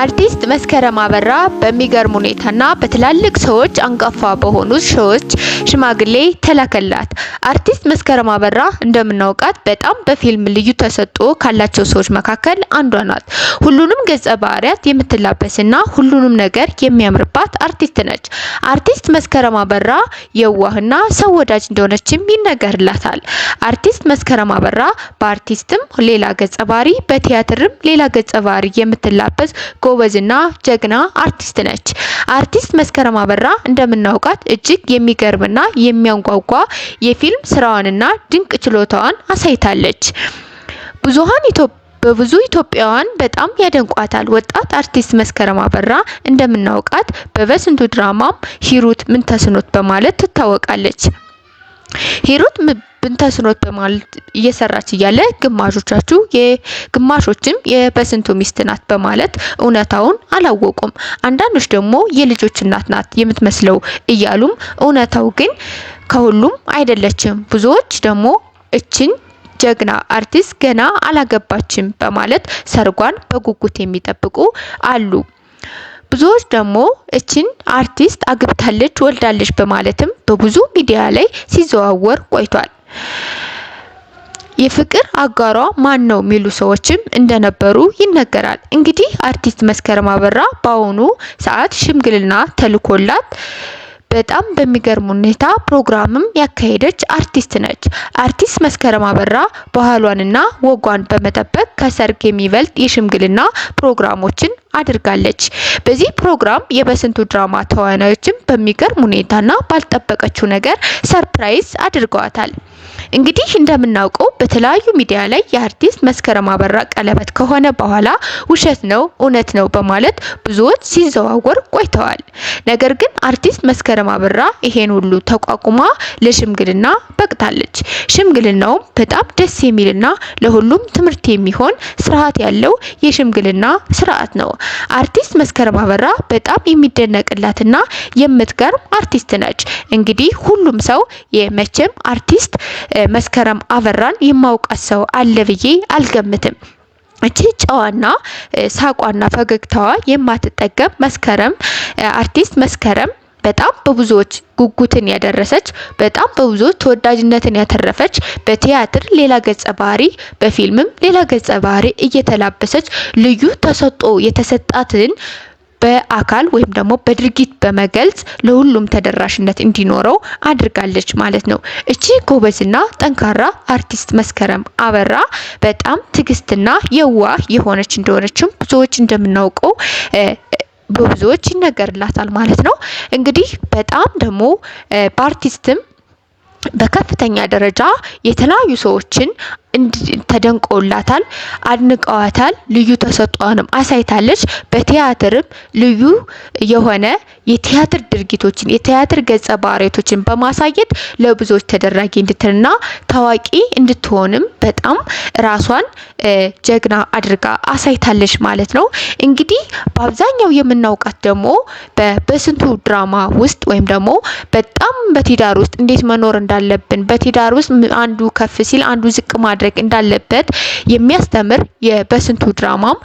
አርቲስት መስከረም አበራ በሚገርም ሁኔታና በትላልቅ ሰዎች አንጋፋ በሆኑ ሰዎች ሽማግሌ ተላከላት። አርቲስት መስከረም አበራ እንደምናውቃት በጣም በፊልም ልዩ ተሰጥኦ ካላቸው ሰዎች መካከል አንዷ ናት። ሁሉንም ገጸ ባህሪያት የምትላበስና ሁሉንም ነገር የሚያምርባት አርቲስት ነች። አርቲስት መስከረም አበራ የዋህና ሰው ወዳጅ እንደሆነችም ይነገርላታል። አርቲስት መስከረም አበራ በአርቲስትም ሌላ ገጸ ባህሪ በቲያትርም ሌላ ገጸ ባህሪ የምትላበስ ጎበዝና ጀግና አርቲስት ነች። አርቲስት መስከረም አበራ እንደምናውቃት እጅግ የሚገርምና የሚያንጓጓ የፊልም ስራዋንና ድንቅ ችሎታዋን አሳይታለች። ብዙሃን ኢትዮጵያ በብዙ ኢትዮጵያውያን በጣም ያደንቋታል። ወጣት አርቲስት መስከረም አበራ እንደምናውቃት በበስንቱ ድራማም ሂሩት ምንተስኖት በማለት ትታወቃለች። ሂሩት ብንተስኖት በማለት እየሰራች እያለ ግማሾቻችሁ ግማሾችም የበስንቱ ሚስት ናት በማለት እውነታውን አላወቁም። አንዳንዶች ደግሞ የልጆች እናት ናት የምትመስለው እያሉም እውነታው ግን ከሁሉም አይደለችም። ብዙዎች ደግሞ እችን ጀግና አርቲስት ገና አላገባችም በማለት ሰርጓን በጉጉት የሚጠብቁ አሉ። ብዙዎች ደግሞ እችን አርቲስት አግብታለች፣ ወልዳለች በማለትም በብዙ ሚዲያ ላይ ሲዘዋወር ቆይቷል። የፍቅር አጋሯ ማን ነው የሚሉ ሰዎችም እንደነበሩ ይነገራል። እንግዲህ አርቲስት መስከረም አበራ በአሁኑ ሰዓት ሽምግልና ተልኮላት በጣም በሚገርም ሁኔታ ፕሮግራምም ያካሄደች አርቲስት ነች። አርቲስት መስከረም አበራ ባህሏንና ወጓን በመጠበቅ ከሰርግ የሚበልጥ የሽምግልና ፕሮግራሞችን አድርጋለች። በዚህ ፕሮግራም የበስንቱ ድራማ ተዋናዮችም በሚገርም ሁኔታና ባልጠበቀችው ነገር ሰርፕራይዝ አድርገዋታል። እንግዲህ እንደምናውቀው በተለያዩ ሚዲያ ላይ የአርቲስት መስከረም አበራ ቀለበት ከሆነ በኋላ ውሸት ነው እውነት ነው በማለት ብዙዎች ሲዘዋወር ቆይተዋል። ነገር ግን አርቲስት መስከረም አበራ ይሄን ሁሉ ተቋቁማ ለሽምግልና በቅታለች። ሽምግልናውም በጣም ደስ የሚልና ለሁሉም ትምህርት የሚሆን ስርዓት ያለው የሽምግልና ስርዓት ነው። አርቲስት መስከረም አበራ በጣም የሚደነቅላትና የምትገርም አርቲስት ነች። እንግዲህ ሁሉም ሰው የመቼም አርቲስት መስከረም አበራን የማውቃት ሰው አለ ብዬ አልገምትም። እቺ ጨዋና ሳቋና ፈገግታዋ የማትጠገብ መስከረም አርቲስት መስከረም በጣም በብዙዎች ጉጉትን ያደረሰች በጣም በብዙዎች ተወዳጅነትን ያተረፈች በቲያትር ሌላ ገጸ ባህሪ በፊልምም ሌላ ገጸ ባህሪ እየተላበሰች ልዩ ተሰጦ የተሰጣትን በአካል ወይም ደግሞ በድርጊት በመገልጽ ለሁሉም ተደራሽነት እንዲኖረው አድርጋለች ማለት ነው። እቺ ጎበዝና ጠንካራ አርቲስት መስከረም አበራ በጣም ትዕግስትና የዋህ የሆነች እንደሆነችም ብዙዎች እንደምናውቀው በብዙዎች ይነገርላታል ማለት ነው። እንግዲህ በጣም ደግሞ በአርቲስትም በከፍተኛ ደረጃ የተለያዩ ሰዎችን ተደንቆላታል፣ አድንቀዋታል። ልዩ ተሰጧንም አሳይታለች። በቲያትርም ልዩ የሆነ የቲያትር ድርጊቶችን የቲያትር ገጸ ባህሪያቶችን በማሳየት ለብዙዎች ተደራጊ እንድትንና ታዋቂ እንድትሆንም በጣም ራሷን ጀግና አድርጋ አሳይታለች ማለት ነው። እንግዲህ በአብዛኛው የምናውቃት ደግሞ በስንቱ ድራማ ውስጥ ወይም ደግሞ በጣም በትዳር ውስጥ እንዴት መኖር እንዳለብን በትዳር ውስጥ አንዱ ከፍ ሲል አንዱ ዝቅ ማድረግ ማድረግ እንዳለበት የሚያስተምር የበስንቱ ድራማም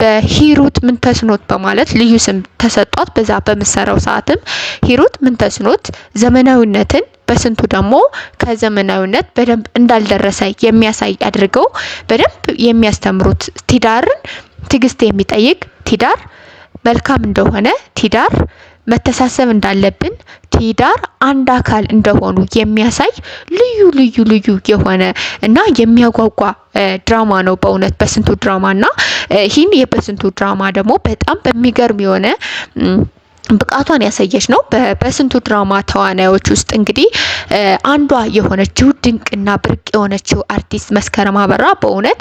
በሂሩት ምንተስኖት በማለት ልዩ ስም ተሰጧት። በዛ በምሰራው ሰዓትም ሂሩት ምንተስኖት ዘመናዊነትን በስንቱ ደግሞ ከዘመናዊነት በደንብ እንዳልደረሰ የሚያሳይ አድርገው በደንብ የሚያስተምሩት ትዳርን ትግስት የሚጠይቅ ትዳር መልካም እንደሆነ ትዳር መተሳሰብ እንዳለብን ትዳር አንድ አካል እንደሆኑ የሚያሳይ ልዩ ልዩ ልዩ የሆነ እና የሚያጓጓ ድራማ ነው በእውነት በስንቱ ድራማ እና ይህን የበስንቱ ድራማ ደግሞ በጣም በሚገርም የሆነ ብቃቷን ያሳየች ነው። በስንቱ ድራማ ተዋናዮች ውስጥ እንግዲህ አንዷ የሆነችው ድንቅና ብርቅ የሆነችው አርቲስት መስከረም አበራ በእውነት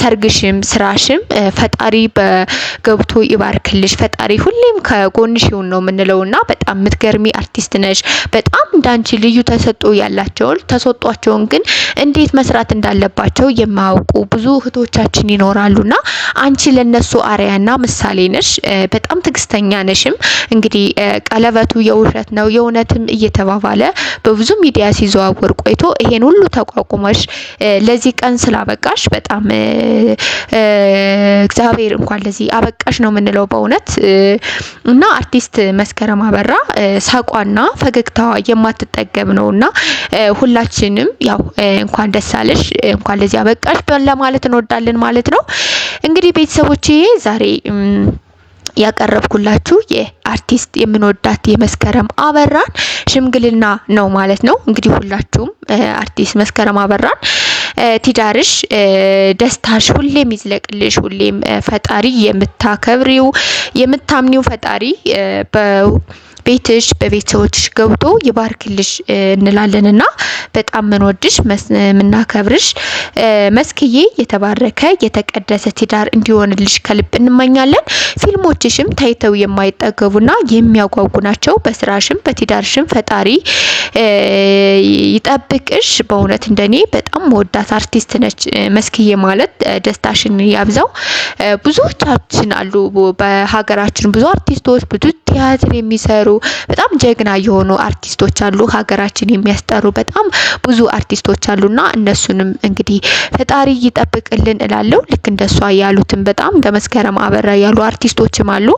ሰርግሽም ስራሽም ፈጣሪ በገብቶ ይባርክልሽ፣ ፈጣሪ ሁሌም ከጎንሽ ይሁን ነው የምንለው እና በጣም የምትገርሚ አርቲስት ነሽ። በጣም እንዳንቺ ልዩ ተሰጦ ያላቸውን ተሰጧቸውን ግን እንዴት መስራት እንዳለባቸው የማያውቁ ብዙ እህቶቻችን ይኖራሉና አንቺ ለነሱ አርያና ምሳሌ ነሽ። በጣም ትግስተኛ ነሽም እንግዲህ ቀለበቱ የውሸት ነው የእውነትም እየተባባለ በብዙ ሚዲያ ሲዘዋወር ቆይቶ ይሄን ሁሉ ተቋቁመሽ ለዚህ ቀን ስላበቃሽ በጣም እግዚአብሔር እንኳን ለዚህ አበቃሽ ነው የምንለው በእውነት እና አርቲስት መስከረም አበራ ሳቋና ፈገግታዋ የማትጠገብ ነው እና ሁላችንም ያው እንኳን ደስ አለሽ እንኳን ለዚህ አበቃሽ ለማለት እንወዳለን ማለት ነው። እንግዲህ ቤተሰቦች ዛሬ ያቀረብኩላችሁ የአርቲስት የምንወዳት የመስከረም አበራን ሽምግልና ነው ማለት ነው። እንግዲህ ሁላችሁም አርቲስት መስከረም አበራን ትዳርሽ፣ ደስታሽ ሁሌም ይዝለቅልሽ። ሁሌም ፈጣሪ የምታከብሪው የምታምኒው ፈጣሪ ቤትሽ በቤተሰቦችሽ ገብቶ ይባርክልሽ እንላለን እና በጣም ምንወድሽ ምናከብርሽ መስክዬ የተባረከ የተቀደሰ ትዳር እንዲሆንልሽ ከልብ እንመኛለን። ፊልሞችሽም ታይተው የማይጠገቡና የሚያጓጉ ናቸው። በስራሽም በትዳርሽም ፈጣሪ ይጠብቅሽ። በእውነት እንደኔ በጣም መወዳት አርቲስት ነች መስክዬ ማለት ደስታሽን ያብዛው። ብዙዎቻችን አሉ በሀገራችን ብዙ አርቲስቶች ብዙ ቲያትር የሚሰሩ በጣም ጀግና የሆኑ አርቲስቶች አሉ። ሀገራችን የሚያስጠሩ በጣም ብዙ አርቲስቶች አሉና እነሱንም እንግዲህ ፈጣሪ ይጠብቅልን እላለሁ። ልክ እንደሷ ያሉትን በጣም እንደ አበራ ያሉ አርቲስቶችም አሉ።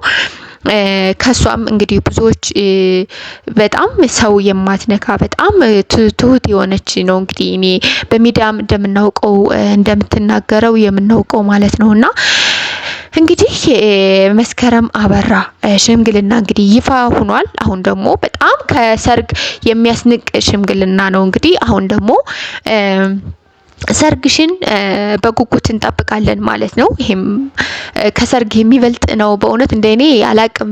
ከሷም እንግዲህ ብዙዎች በጣም ሰው የማትነካ በጣም ትሁት የሆነች ነው እንግዲህ እኔ በሚዲያም እንደምናውቀው እንደምትናገረው የምናውቀው ማለት ነው እና እንግዲህ መስከረም አበራ ሽምግልና እንግዲህ ይፋ ሆኗል። አሁን ደግሞ በጣም ከሰርግ የሚያስንቅ ሽምግልና ነው እንግዲህ አሁን ደግሞ ሰርግሽን በጉጉት እንጠብቃለን ማለት ነው። ይሄም ከሰርግ የሚበልጥ ነው። በእውነት እንደ እኔ አላቅም፣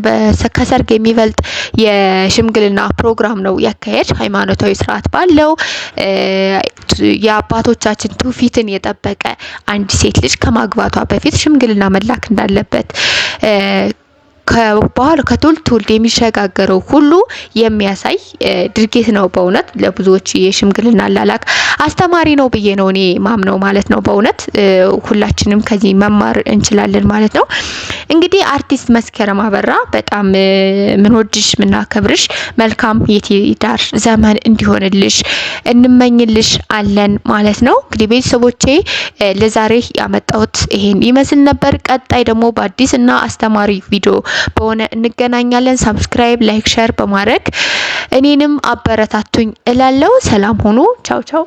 ከሰርግ የሚበልጥ የሽምግልና ፕሮግራም ነው ያካሄድ ሃይማኖታዊ ስርዓት ባለው የአባቶቻችን ትውፊትን የጠበቀ አንድ ሴት ልጅ ከማግባቷ በፊት ሽምግልና መላክ እንዳለበት ከባህል ከትውልድ ትውልድ የሚሸጋገረው ሁሉ የሚያሳይ ድርጊት ነው። በእውነት ለብዙዎች የሽምግልና አላላክ አስተማሪ ነው ብዬ ነው እኔ ማምነው ማለት ነው። በእውነት ሁላችንም ከዚህ መማር እንችላለን ማለት ነው። እንግዲህ አርቲስት መስከረም አበራ በጣም ምንወድሽ ምናከብርሽ፣ መልካም የትዳር ዘመን እንዲሆንልሽ እንመኝልሽ አለን ማለት ነው። እንግዲህ ቤተሰቦቼ ለዛሬ ያመጣሁት ይሄን ይመስል ነበር። ቀጣይ ደግሞ በአዲስ እና አስተማሪ ቪዲዮ በሆነ እንገናኛለን። ሳብስክራይብ፣ ላይክ፣ ሸር በማድረግ እኔንም አበረታቱኝ እላለሁ። ሰላም ሁኑ። ቻው ቻው።